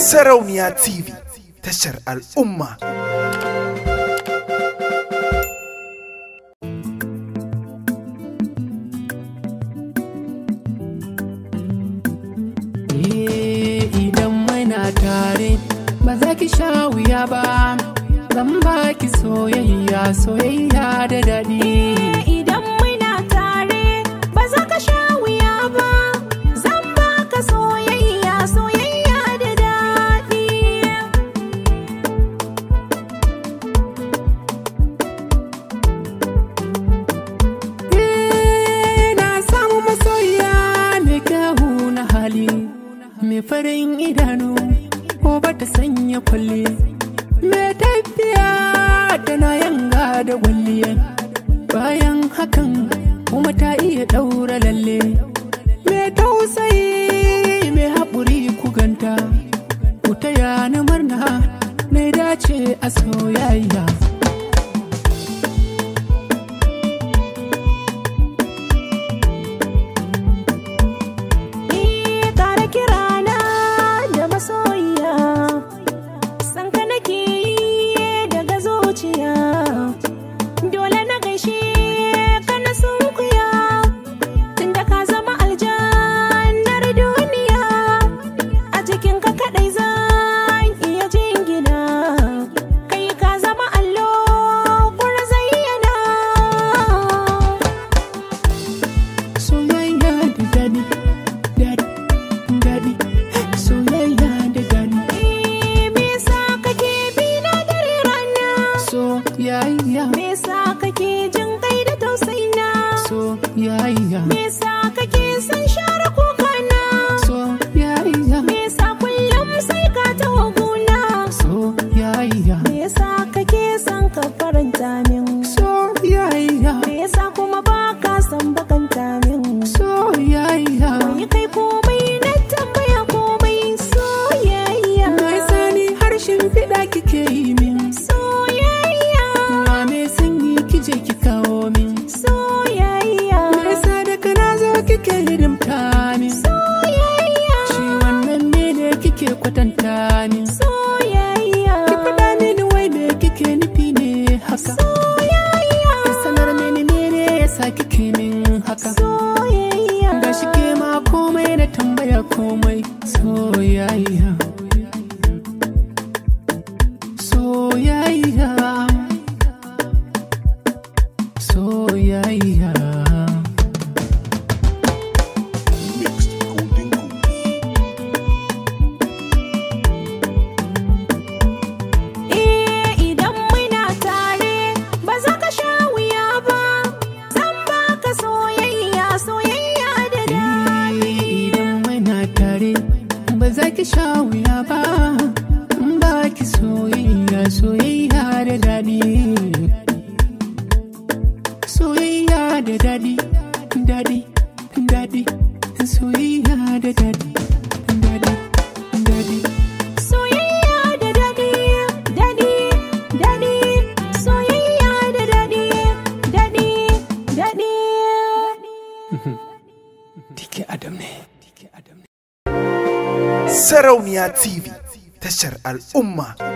Sarauniya TV tashar al'umma. Eh, idan na tare ba za ki sha wuya ba, zan ba ki soyayya soyayya da daɗi. farin idanu ko ba ta sanya kwalle me tafiya tana yanga da gwalliya bayan hakan kuma ta iya ɗaura yaya me sa kake jin kai da tausayi na so yaya me sa kake san share kuka na so yaya me sa kullum sai ka taho guna so yaya me sa kake san ka faranta min so yaya me sa kuma ba ka san bakanta min so yaya ni kai komai na tambaya komai so yaya mai sani harshen fida kike yi haka soyayya gashi ke ma komai da tambaya komai soyayya ki wuya ba in ba ki soyayya soyayya da daɗi soyayya da daɗi daɗi daɗi soyayya da daɗi daɗi daɗi Mm-hmm. سرونيا تي في تشر الأمة